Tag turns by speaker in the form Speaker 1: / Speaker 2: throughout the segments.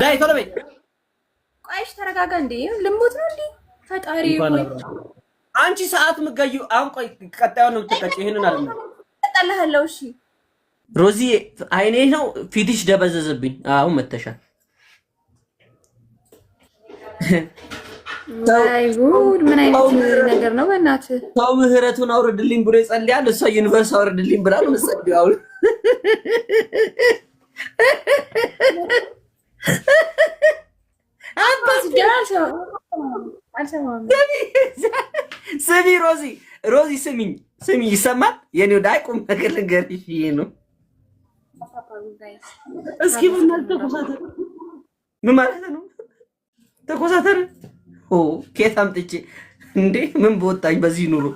Speaker 1: ዳይ ቶሎ በይ።
Speaker 2: ቆይሽ ተረጋጋ። እንዴ ልሞት ነው እንዴ? ፈጣሪ
Speaker 1: አንቺ ሰዓት ምገዩ አሁን ቆይ፣ ቀጣዩን ነው ተቀጭ። ይሄንን አለ ጠላህለው። እሺ ሮዚ፣ አይኔ ነው ፊትሽ ደበዘዘብኝ። አሁን መተሻል።
Speaker 2: ጉድ! ምን አይነት ነገር ነው? በእናትህ
Speaker 1: ሰው ምህረቱን አውርድልኝ ብሎ ይጸልያል። እሷ ዩኒቨርስ አውርድልኝ ብላ ነው የምትጸልይው ስሚ ሮዚ ሮዚ ስሚኝ ስሚኝ፣ ይሰማል? የኔ ወደ ቁም ነገር ልንገርሽ ነው። እስኪ ምን ማለት ነው ተኮሳተር? ኬት አምጥቼ እንዴ? ምን በወጣኝ በዚህ ኑሮ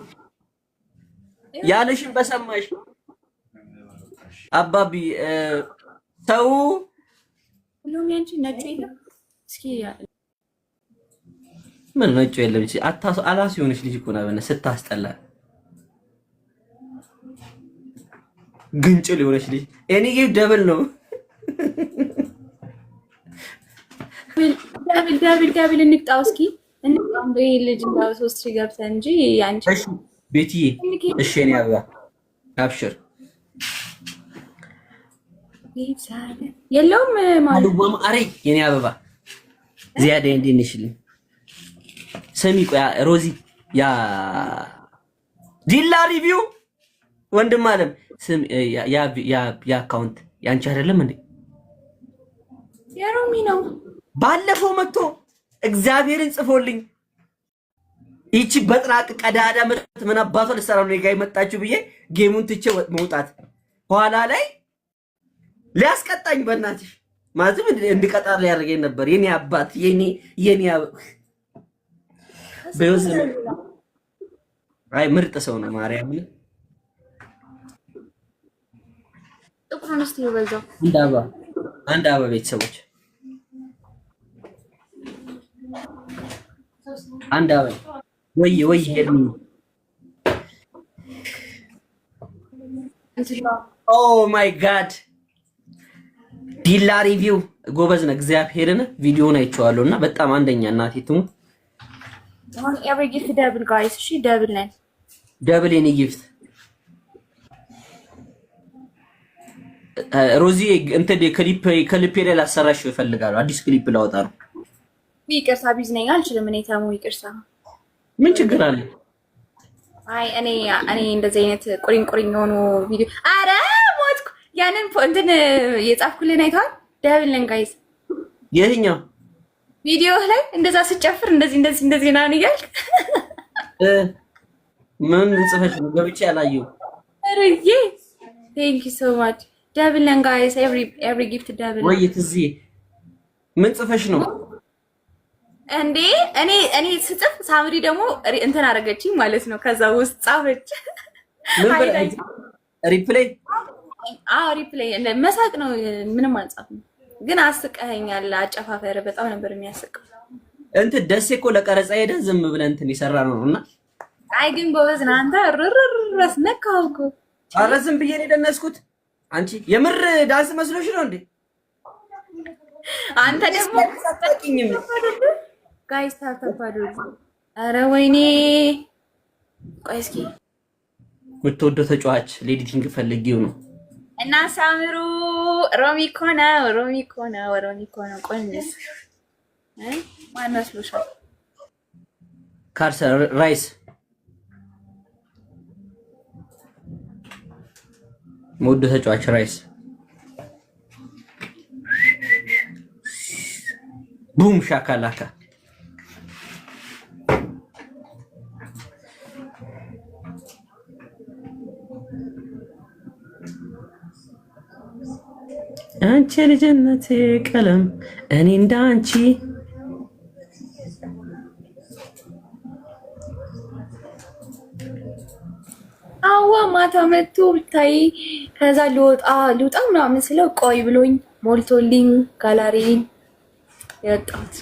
Speaker 1: ያለሽን በሰማሽ አባቢ ሰው
Speaker 2: ምን ነጭ የለም።
Speaker 1: አላስ የሆነች ልጅ እኮ ነው ስታስጠላ፣ ግንጭል የሆነች ልጅ እኔ ጌብ ደብል ነው
Speaker 2: ደብል ደብል ደብል እንቅጣው እስኪ እንቅጣው ልጅ እንዳው ሶስት ገብተን እንጂ አንቺ
Speaker 1: ቤትዬ እሺ እኔ አብሽር
Speaker 2: የለውም
Speaker 1: አልዋም አሬ የኔ አበባ ዚያደ እንዴት ነሽ? ስሚ ቆይ ሮዚ ያ ዲላ ሪቪው ወንድም አለም ስም ያ ያ ያ አካውንት ያንቺ አይደለም እንዴ? የሮሚ ነው። ባለፈው መጥቶ እግዚአብሔርን ጽፎልኝ ይቺ በጥራቅ ቀዳዳ ምርት ምን አባቷ ልትሰራ ነው ጋር የመጣችሁ ብዬ ጌሙን ትቼ መውጣት ኋላ ላይ ሊያስቀጣኝ በእናትሽ ማዝም እንድቀጣ ሊያደርገኝ ነበር። የኔ አባት የኔ የኔ አይ ምርጥ ሰው ነው። ማርያም ጥቁሩን አንድ አበባ ቤተሰቦች አንድ አበባ ወይ ወይ ሄዱ ኦ ማይ ጋድ ዲላ ሪቪው ጎበዝ ነው። እግዚአብሔርን ቪዲዮውን አይቼዋለሁ እና በጣም አንደኛ እናቴ ትሙት።
Speaker 2: አሁን ኤቭሪ ጊፍት ደብል ጋይስ፣ እሺ ደብል ነን፣
Speaker 1: ደብል የኔ ጊፍት ሮዚ እንትን ክሊፕ ክሊፕ ላይ ላሰራሽ ይፈልጋሉ። አዲስ ክሊፕ ላወጣ ነው።
Speaker 2: ይቅርታ ቢዚ ነኝ አልችልም። እኔ ተሙ ይቅርታ። ምን ችግር አለ? አይ እኔ እኔ እንደዚህ አይነት ቁሪን ቁሪን የሆኑ ቪዲዮ አረ ያንን እንትን የጻፍኩልን አይተዋል። ደብልን ጋይዝ የትኛው ቪዲዮ ላይ እንደዛ ስጨፍር እንደዚህ እንደዚህ እንደዚህ ናን እያልክ
Speaker 1: ምን ጽፈሽ ገብቼ አላየው
Speaker 2: ርዬ ቴንክ ዩ ሶ ማች ደብልን ጋይዝ ኤቭሪ ጊፍት ደብል
Speaker 1: ወይ ትዚ ምን ጽፈሽ ነው
Speaker 2: እንዴ? እኔ እኔ ስጽፍ ሳምሪ ደግሞ እንትን አደረገችኝ ማለት ነው። ከዛ ውስጥ ጻፈች
Speaker 1: ምን ሪፕሌይ
Speaker 2: አዎ ሪፕሌይ መሳቅ ነው፣ ምንም አልጻፍም። ግን አስቀኸኛል። አጨፋፈር በጣም ነበር የሚያስቀው።
Speaker 1: እንትን ደሴ እኮ ለቀረጻ ሄደ ዝም ብለን እንትን ይሰራ ነው እና
Speaker 2: አይ ግን ጎበዝ ነህ አንተ። ርርርስ ነካው እኮ
Speaker 1: ኧረ ዝም ብዬ ነው የደነስኩት። አንቺ የምር ዳንስ መስሎሽ ነው እንዴ?
Speaker 2: አንተ ደግሞ ሳታውቂኝም ጋይስ ታተባዱ። ኧረ ወይኔ ቆይ እስኪ
Speaker 1: የምትወደው ተጫዋች ለኤዲቲንግ ፈልጊው ነው
Speaker 2: እና ሳምሩ ሮሚ እኮ ነው፣ ሮሚ እኮ ነው፣ ሮሚ እኮ ነው። ቆንጆ ማን መስሎሻል?
Speaker 1: ካርሰር ራይስ ውድ ተጫዋች ራይስ ቡም ሻካላካ ያንቺ ልጅነት ቀለም እኔ እንዳንቺ
Speaker 2: አዋ ማታ መጥቶ ብታይ ከዛ ልወጣ ልውጣ ምናምን ስለው ቆይ ብሎኝ ሞልቶልኝ ጋላሪን የወጣሁት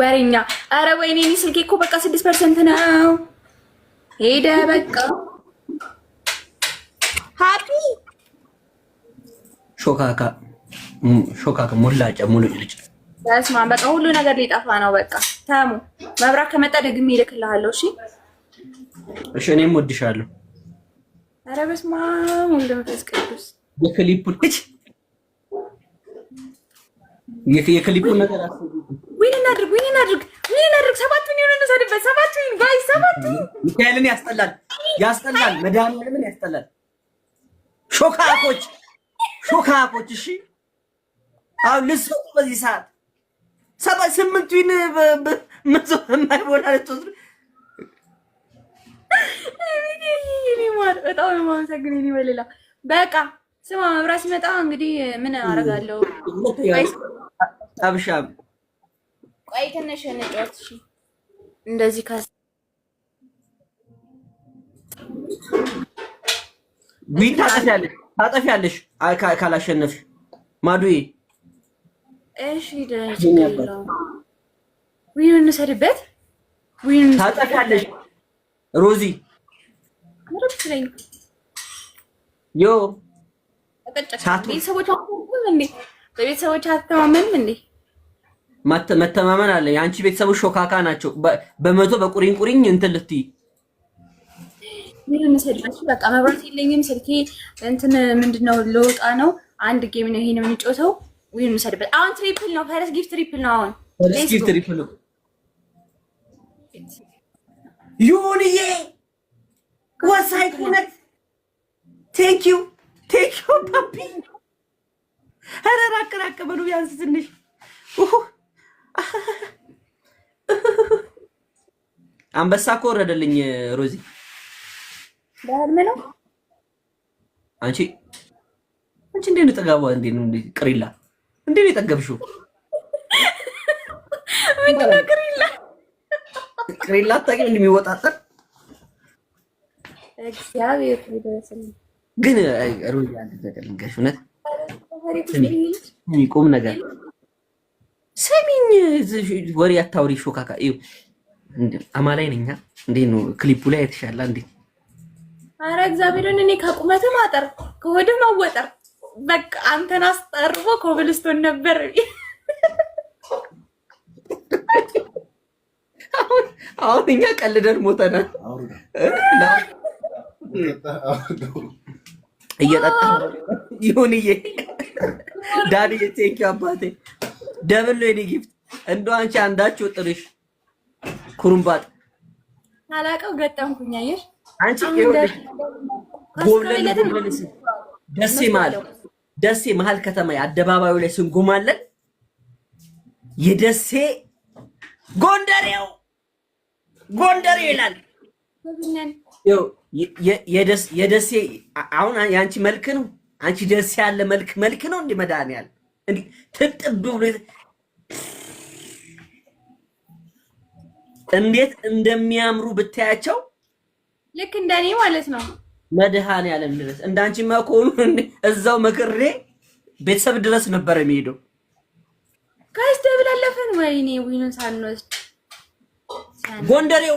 Speaker 2: ወሬኛ። አረ ወይኔ እኔ ስልኬ እኮ በቃ ስድስት ፐርሰንት ነው ሄደ። በቃ ሀፒ
Speaker 1: ሾካካ ሾካካ ሙላጫ ሙሉ ልጅ
Speaker 2: በስመ አብ በቃ ሁሉ ነገር ሊጠፋ ነው። በቃ ተሙ መብራት ከመጣ ደግሜ ይልክልሃለሁ። እሺ
Speaker 1: እሺ። እኔም ወድሻለሁ።
Speaker 2: አረ በስመ ሙሉ ወልድ መንፈስ ቅዱስ
Speaker 1: የክሊፑን ነገር አስቡ።
Speaker 2: አድርጉ፣ ይሄን አድርግ፣ ይሄን አድርግ። ሰባቱን የሆነ ሰድበት፣ ሰባቱን ጋይ፣ ሰባቱን
Speaker 1: ሚካኤልን ያስጠላል፣ ያስጠላል፣ መድኃኒዓለምን ያስጠላል። ሾካኮች፣ ሾካኮች። እሺ አሁን ልትሰጡ በዚህ ሰዓት ሰባ ስምንቱን መዞ የማይሆን አለቶስ
Speaker 2: በጣም የማመሰግን ኔ በሌላ በቃ ስማ መብራት ሲመጣ እንግዲህ ምን አደርጋለሁ? አብሻም ቆይ ትንሽ እንጫወት። እሺ እንደዚህ ካስ
Speaker 1: ዊን ታጠፊያለሽ ታጠፊያለሽ ካላሸነፍሽ ማዱዬ።
Speaker 2: እሺ ደስ ይላል። ዊን እንሰድበት።
Speaker 1: ዊን ታጠፊያለሽ ሮዚ ዮ
Speaker 2: ቤተሰቦች አትተማመንም እንዴ?
Speaker 1: መተማመን አለ። የአንቺ ቤተሰቦች ሾካካ ናቸው። በመቶ በቁሪኝ ቁሪኝ እንትን ልትይ
Speaker 2: ምንም ሰዳችሁ በቃ መብራት የለኝም ስልኬ እንትን ምንድነው ለውጣ ነው። አንድ ጌም ነው ይሄን የምንጮተው። ወይም ሰድበት አሁን ትሪፕል ነው። ፈረስ ጊፍት ትሪፕል ነው። አሁን
Speaker 1: ፈረስ ጊፍት ትሪፕል ነው። ዩኒዬ ወሳይ ኩነት ቴንክ ዩ ቴንክ ዩ ፓፒ
Speaker 2: ኧረ ራቅ ራቅ በሉ ቢያንስ ትንሽ
Speaker 1: አንበሳ እኮ ወረደልኝ ሮዚ በህልም ነው። አንቺ አንቺ እንዴት ነው ጠጋባ? እንዴት ነው ቅሪላ? እንዴት ነው የጠገብሽው?
Speaker 2: ምንድን ነው ቅሪላ?
Speaker 1: ቅሪላ አታውቂም? እንደሚወጣጠር
Speaker 2: እግዚአብሔር ይደረሰልኝ።
Speaker 1: ግን ሮዚ አንተ ተቀልንገሽ እውነት ቁም ነገር ወሬ አታውሪ ሾካካ አማላይ ነኝ እንዴ ነው ክሊፑ ላይ የተሻላ እንዴ
Speaker 2: አረ እግዚአብሔርን እኔ ከቁመት ማጠር ከወደ ማወጠር በቃ አንተን አስጠርቦ ኮብልስቶን ነበር
Speaker 1: አሁን እኛ ቀልደን ሞተናል እየጠጣ ይሁን ዳንዬ ቴንኪው አባቴ ደብል ነው የኔ ጊፍት እንደው አንቺ አንዳችሁ ጥርሽ ኩሩምባጥ
Speaker 2: አላቀው ገጠምኩኝ። አየሽ
Speaker 1: አንቺ ደሴ ማለት ደሴ መሀል ከተማ አደባባዩ ላይ ስንጎማለን የደሴ ጎንደሬው ጎንደሬ ይላል። የደሴ አሁን የአንቺ መልክ ነው። አንቺ ደሴ ያለ መልክ መልክ ነው እንዲህ መድኃኒዓለም እንዲህ ትጥብ ብሎ እንዴት እንደሚያምሩ ብታያቸው
Speaker 2: ልክ እንደኔ ማለት ነው።
Speaker 1: መድኃኔዓለም ድረስ እንዳንቺ ከሆኑ እዛው መክሬ ቤተሰብ ድረስ ነበር የሚሄደው።
Speaker 2: ጋይስ ተብላለፈን። ወይኔ ዊኑን ሳንወስድ
Speaker 1: ጎንደሬው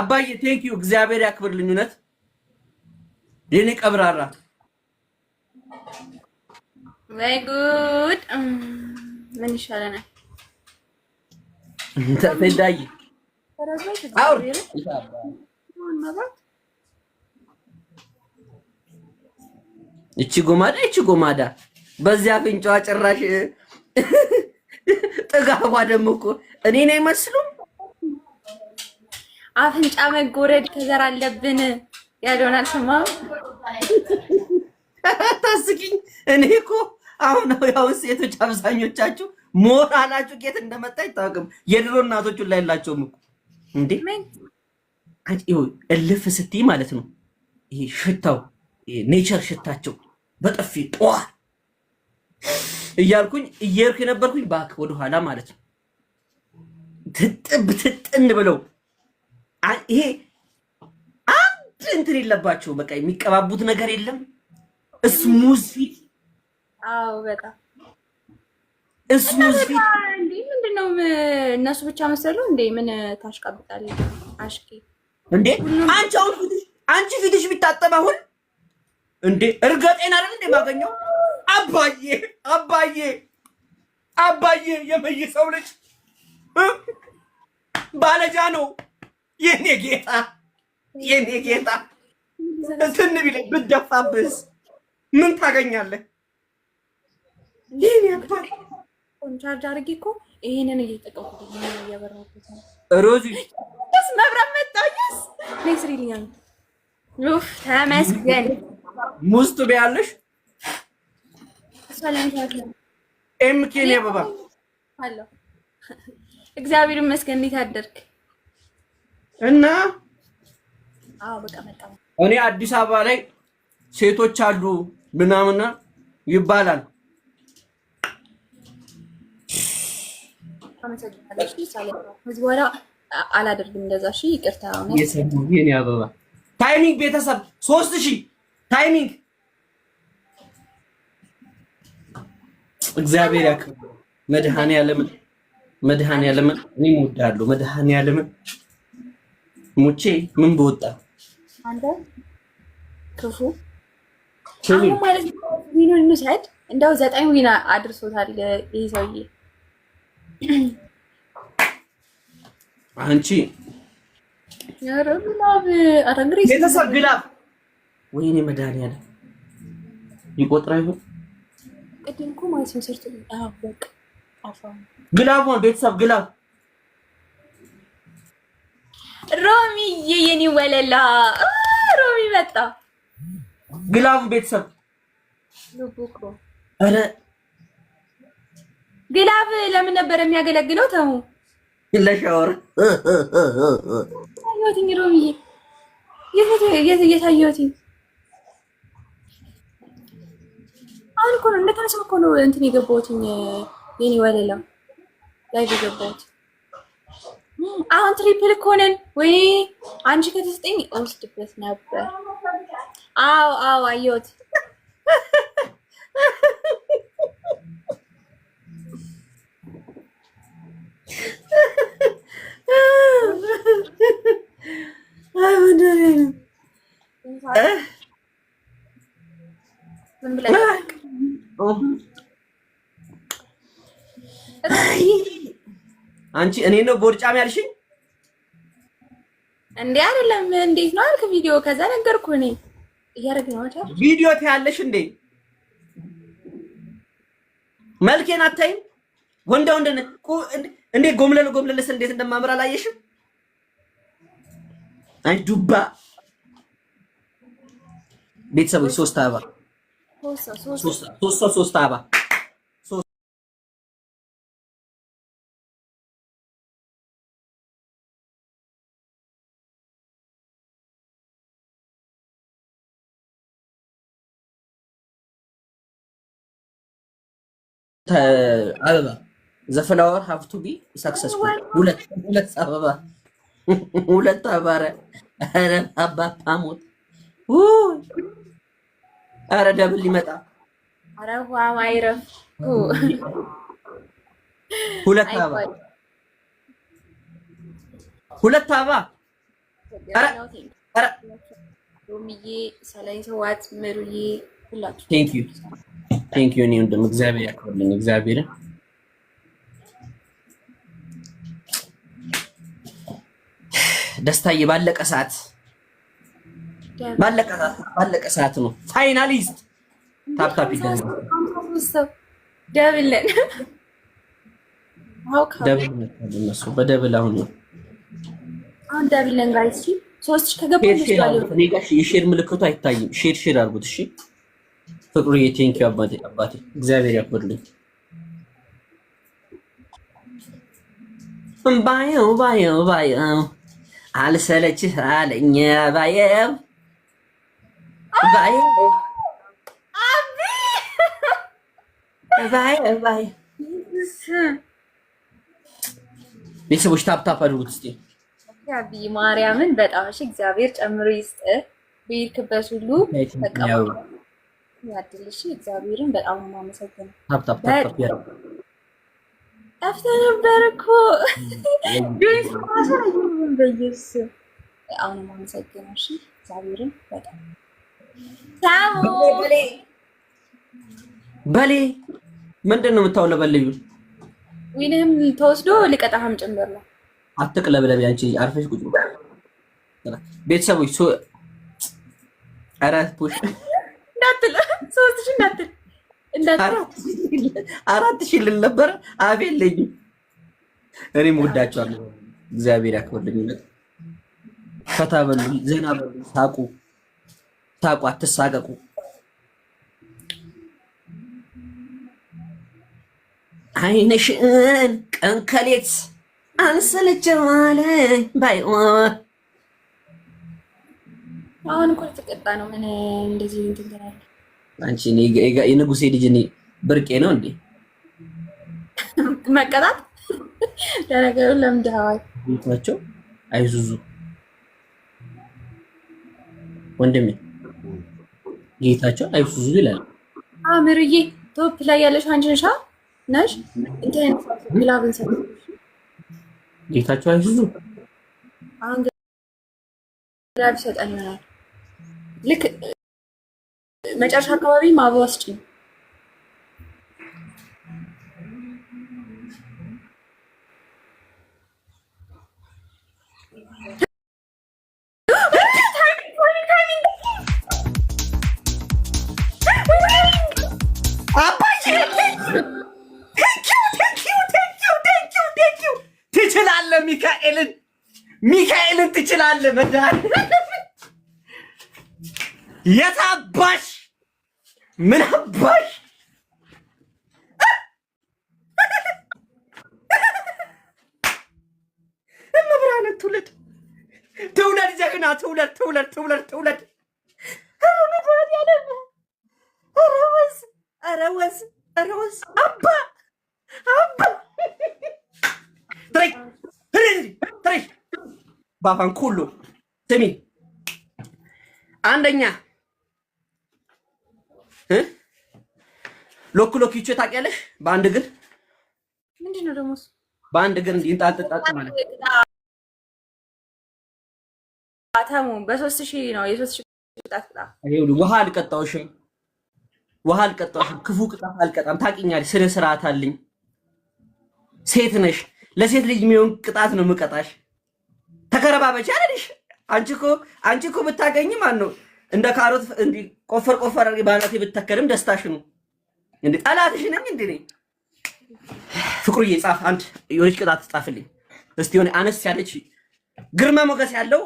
Speaker 1: አባዬ ቴንክ ዩ እግዚአብሔር ያክብርልኝ። እውነት የኔ ቀብራራ
Speaker 2: ወይ ጉድ ምን ይሻለናል?
Speaker 1: ፌዳይ እቺ ጎማዳ እቺ ጎማዳ በዚያ አፍንጫዋ ጭራሽ ጥጋቧ ደግሞ እኮ እኔን አይመስሉም።
Speaker 2: አፍንጫ መጎረድ ከዘር አለብን
Speaker 1: ታስቂኝ። እኔ እኮ አሁን ያው ሴቶች አብዛኞቻችሁ ሞራላችሁ ጌት እንደመጣ አይታወቅም። የድሮ እናቶቹን ላይ ያላቸውም እኮ እንዴ! እልፍ ስትይ ማለት ነው ይሄ ሽታው ኔቸር ሽታቸው በጠፊ ጠዋ እያልኩኝ እየርኩ የነበርኩኝ ባክ ወደኋላ ማለት ነው ትጥብ ትጥን ብለው ይሄ አንድ እንትን የለባቸው። በቃ የሚቀባቡት ነገር የለም። ስሙዝ ፊት
Speaker 2: አዎ በጣም እሱ ምንድን ነው እነሱ ብቻ መሰሉ እንዴ? ምን ታሽቃብጣለህ? አሽቄ
Speaker 1: እንዴ አንቺ አሁን ፊትሽ አንቺ ፊትሽ ቢታጠብ አሁን እንዴ እርገጤን አይደል እንዴ ማገኘው? አባዬ አባዬ አባዬ የመይ ሰው ልጅ ባለጃ ነው የኔ ጌታ የኔ ጌታ። እንትን ቢለኝ ብትደፋብስ ምን ታገኛለህ?
Speaker 2: ይሄ ቻርጅ አድርጌ እኮ ይሄንን እየጠቀምኩ
Speaker 1: እያበራሁበት ነው። ሮዚ
Speaker 2: መብራት ተመስገን
Speaker 1: ሙዝ ኤምኬን ያበባ
Speaker 2: እግዚአብሔር ይመስገን። እንዴት አደርክ? እና አዎ በቃ መጣ።
Speaker 1: እኔ አዲስ አበባ ላይ ሴቶች አሉ ምናምን ይባላል
Speaker 2: አመሰግናለሁ። አላደርግም እንደዛ። እሺ ይቅርታ።
Speaker 1: የኔ አበባ ታይሚንግ ቤተሰብ ሶስት ሺህ ታይሚንግ እግዚአብሔር ያክብር። እኔ ሙቼ ምን በወጣ
Speaker 2: አንተ ክፉ አሁን ማለት ነው። ዊኑን እንውሰድ። እንደው ዘጠኝ ዊና አድርሶታል ይሄ ሰውዬ።
Speaker 1: አንቺ ቤተሰብ ግላብ ወይኔ መድኃኒዓለም ይቆጥራ ይሁን ግላብ ቤተሰብ ግላብ
Speaker 2: ሮሚዬ የኔ ወለላ ሮሚ መጣ
Speaker 1: ግላቡ ቤተሰብ
Speaker 2: ግላብ ለምን ነበር የሚያገለግለው? ተው ለሻወር ታዩትኝ አሁን እኮ ነው እንደተነሳሁ እኮ ነው እንትን የኔ ላይ አሁን ትሪፕል እኮ ነን ወይ አንቺ ነበር። አዎ አዎ አየሁት።
Speaker 1: አንቺ እኔ ነው ቦርጫም ያልሽኝ
Speaker 2: እንዴ? አይደለም። እንዴት ነው አልክ? ቪዲዮ ከዛ ነገርኩ እኔ እያደረግን ነው ታዲያ።
Speaker 1: ቪዲዮ ታያለሽ እንዴ? መልኬን አታይም? ወንዳ ወንድ እንዴ ጎምለል ጎምለልስ እንዴት እንደማምር አላየሽም? አይ ዱባ ቤተሰቦች ሶስት አበባ ሶስት ሶስት አበባ አበባ ዘፍላወር ሀብቱ ቢ ሰክሰስፉል ሁለት አበባ ሁለት አባረ አረ አባ ፓሞት አረ ደብል ሊመጣ አረ ዋው ሁለት አበባ ሁለት አበባ
Speaker 2: ሮሚዬ ሰላይ ሰዋት ምሩዬ ሁላችሁ
Speaker 1: ቴንክ ዩ ቴንክ ዩ እኔ ወንድም እግዚአብሔር ያክብርልኝ እግዚአብሔርን ደስታዬ ባለቀ ሰዓት ባለቀ ሰዓት ነው ፋይናሊስት ታፕታፕ ደብለን በደብል አሁን ነው
Speaker 2: አሁን ደብልን ጋር ሶስት
Speaker 1: ከገባ የሼር ምልክቱ አይታይም። ሼር ሼር አድርጉት። እሺ ፍቅሩ የቴንኪ አባቴ፣ አባቴ እግዚአብሔር ያክብርልኝ። ባየው ባየው ባየው አልሰለች አለኝ ባየው ባየው ባየው ባየው። ቤተሰቦች ታፕታፕ አድርጉት እስኪ።
Speaker 2: አቢ ማርያምን በጣም እሺ። እግዚአብሔር ጨምሮ ይስጥ። በሄድክበት ሁሉ ያድልሽ። እግዚአብሔርን በጣም የማመሰግነው ጠፍተህ ነበር እኮ በየስ አሁን ማመሰግነው። እሺ እግዚአብሔርን በጣም
Speaker 1: በሌ ምንድን ነው የምታውለው? በልዩ
Speaker 2: ዊንህም ተወስዶ ሊቀጣህም ጭምር ነው።
Speaker 1: አትቅለብለቢ አንቺ አርፈሽ ቁጭ ቤተሰቦች አራት ሺህ
Speaker 2: እንዳትል ሶስት ሺህ እንዳትል
Speaker 1: እንዳትል አራት ሺህ ልል ነበረ። አቤለኝ እኔም ወዳቸዋለሁ። እግዚአብሔር ያክብርልኝ። ይለት ፈታ በሉ፣ ዜና በሉ፣ ሳቁ ሳቁ፣ አትሳቀቁ። አይነሽን ቀንከሌት ከሌት አንሰለቸዋለኝ ባይሆን
Speaker 2: አሁን እኮ ተቀጣ ነው። ምን እንደዚህ እንትናል?
Speaker 1: አንቺ የንጉሴ ልጅ ብርቄ ነው እንዴ
Speaker 2: መቀጣት? ለነገሩ ለምደዋል።
Speaker 1: ናቸው። አይዙዙ ወንድሜ ጌታቸው አይሱዙ ይላል።
Speaker 2: አምርዬ ቶፕ ላይ ያለሽ አንቺ ነሽ ነሽ እንትን ግላብን ሰ
Speaker 1: ጌታቸው አይሱዙ
Speaker 2: አሁን ግላብ ይሰጠን ይሆናል። ልክ መጨረሻ አካባቢ ማበዋስጭ ነው
Speaker 1: ሚካኤልን ሚካኤልን ትችላለህ። መድኃኒዓለም የት አባሽ ምን አባሽ እመብርሃንን ትውለድ ትውለድ ጀግና ትውለድ ትውለድ ትውለድ ትውለድ
Speaker 2: ኧረ ወዝ ኧረ ወዝ አባ አባ
Speaker 1: ባፋን ኩሉ ስሚ፣ አንደኛ ሎክ ሎክ ይቼ ታውቂያለሽ? በአንድ ግን ምንድን ነው ደግሞ በአንድ ግን ይንጣጥጣጥ ማለት
Speaker 2: አታሙ በሶስት ሺህ ነው። የሶስት ሺህ
Speaker 1: ቅጣት ውሃ አልቀጣውሽም፣ ውሃ አልቀጣውሽም፣ ክፉ ቅጣት አልቀጣም። ታውቂኛለሽ፣ ስነ ስርዓት አለኝ። ሴት ነሽ። ለሴት ልጅ የሚሆን ቅጣት ነው የምቀጣሽ። ተከረባበች አለሽ። አንቺ እኮ አንቺ እኮ ብታገኝ ማን ነው እንደ ካሮት እንዲ ቆፈር ቆፈር ባናት ብትተከልም ደስታሽ ነው እንዴ? ጠላትሽ ነኝ እንዴ? ነኝ? ፍቅሩዬ ጻፍ፣ አንድ የሆነች ቅጣት ጻፍልኝ እስቲ። የሆነ አነስ ያለች ግርማ ሞገስ ያለው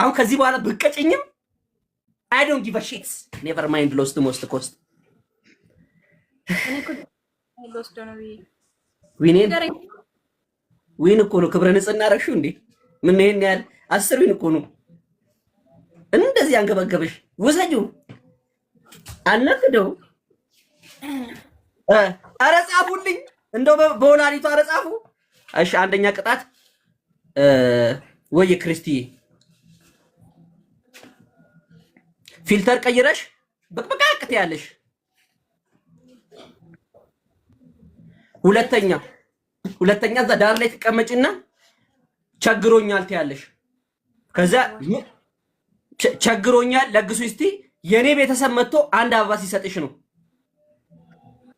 Speaker 1: አሁን ከዚህ በኋላ ብቀጭኝም አይ ዶንት ጊቭ አ ሺት ኔቨር ማይንድ ሎስት ሞስት ኮስት ዊኔን ዊን እኮ ነው ክብረ ንጽህና ረሹ እንዴ ምን ይሄን ያህል አስሩን እኮ ነው እንደዚህ አንገበገበሽ። ውሰጁ አናክደው። ኧረ ጻፉልኝ እንደው በወላዲቱ ኧረ ጻፉ። እሺ አንደኛ ቅጣት ወይ ክርስቲ ፊልተር ቀይረሽ በቅበቃ ያለሽ። ሁለተኛ ሁለተኛ እዛ ዳር ላይ ትቀመጭና ቸግሮኛል ትያለሽ። ከዛ ቸግሮኛል ለግሱ እስቲ የኔ ቤተሰብ መጥቶ አንድ አበባ ሲሰጥሽ ነው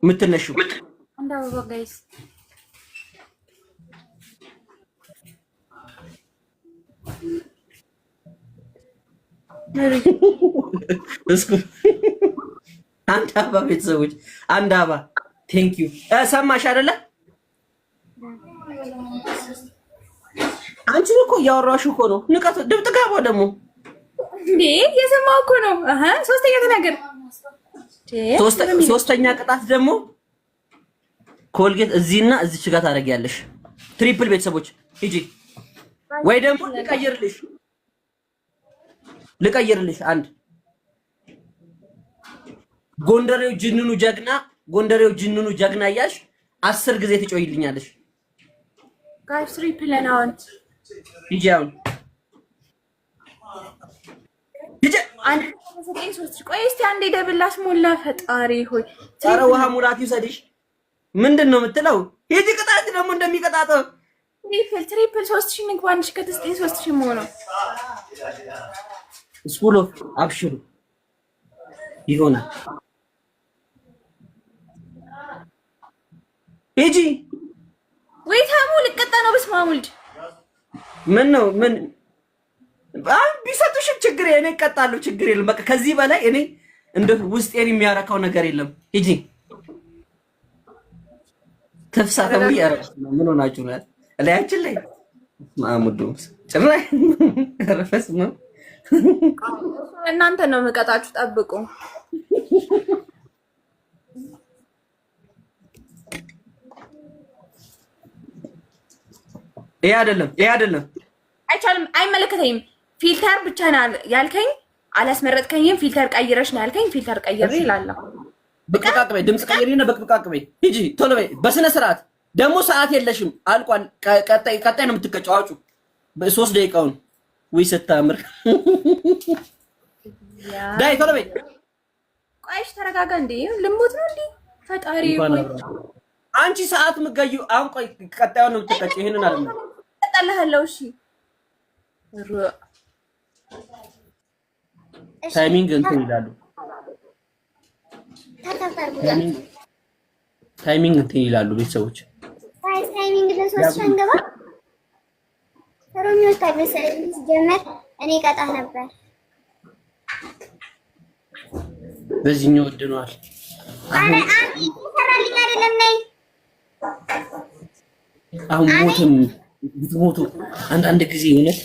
Speaker 1: የምትነሺው። አንድ አበባ ጋይስ አንድ አበባ ቤተሰቦች፣ አንድ አበባ ቴንክ ዩ ሰማሽ አይደለ? እያወራሽ እኮ ነው። ንቀት ድብጥ ጋቦ ደግሞ
Speaker 2: እንዴ የሰማው እኮ ነው። አሀ ሶስተኛ ተናገር።
Speaker 1: ሶስተኛ ቅጣት ደግሞ ኮልጌት እዚህና እዚች ጋር ታደርጊያለሽ። ትሪፕል ቤተሰቦች ሂጂ ወይ ደግሞ ልቀይርልሽ ልቀይርልሽ አንድ ጎንደሬው ጅንኑ ጀግና ጎንደሬው ጅንኑ ጀግና እያልሽ አስር ጊዜ ትጮይልኛለሽ። ሂጂ አሁን
Speaker 2: አንዴ ደብላስ ሞላ። ፈጣሪ ሆይ
Speaker 1: ኧረ ውሃ ሙላት ይውሰድሽ። ምንድን ነው የምትለው? ሂጂ ቅጣት ደግሞ እንደሚቀጣጠው
Speaker 2: ትሪፕል ትሪፕል ሶስት ሺህ ንግባ አንድ ሺህ ከተስጠኝ ሶስት ሺህ መሆነው
Speaker 1: እስኩሎ አብሽሩ ይሆናል። ሂጂ
Speaker 2: ወይ ታሙ ልቀጣ ነው። በስመ አብ ወልድ
Speaker 1: ምን ነው ምን ቢሰጡሽም ችግር እኔ እቀጣለሁ። ችግር የለም። በቃ ከዚህ በላይ እኔ እንደ ውስጤን የሚያረካው ነገር የለም። ሂጂ ተፍሳ ተሙ ያረክ ምን ሆናችሁ ነው እላያችን ላይ ማሙዱ ጭራ ረፈስ ነው።
Speaker 2: እናንተ ነው መቀጣችሁ። ጠብቁ።
Speaker 1: ይሄ አይደለም፣ ይሄ አይደለም።
Speaker 2: አይቻልም፣ አይመለከተኝም። ፊልተር ብቻ ነው ያልከኝ አላስመረጥከኝም። ፊልተር ቀይረሽ ነው ያልከኝ። ፊልተር ቀይሬ እላለሁ።
Speaker 1: በቅብቃቅበይ ድምፅ ቀይሬና በቅብቃቅበይ ሂጂ፣ ቶሎ በይ፣ በስነ ስርዓት ደግሞ ሰዓት የለሽም፣ አልቋል። ቀጣይ ቀጣይ ነው የምትቀጨው። አውጩ ሶስት ደቂቃውን ወይ ስታምር ዳይ ቶሎ በይ።
Speaker 2: ቆይሽ ተረጋጋ። እንዴ ልሞት ነው እንዴ? ፈጣሪ
Speaker 1: አንቺ ሰዓት ምገዩ አሁን ቆይ፣ ቀጣዩን ነው የምትቀጭ። ይሄንን አለ
Speaker 2: አመጣልሃለሁ። እሺ
Speaker 1: ታይሚንግ እንትን ይላሉ። ታይሚንግ እንትን ይላሉ ቤተሰቦች
Speaker 2: ታይሚንግ ለሶስት ሸንገባ ሮሚዎች ካልመሰለኝ ሲጀመር እኔ ቀጣ ነበር።
Speaker 1: በዚህኛው ወድነዋል።
Speaker 2: አረ አንዴ ይሰራልኝ አይደለም ነይ
Speaker 1: አሁን ሞትም ብትሞቱ አንዳንድ ጊዜ እውነት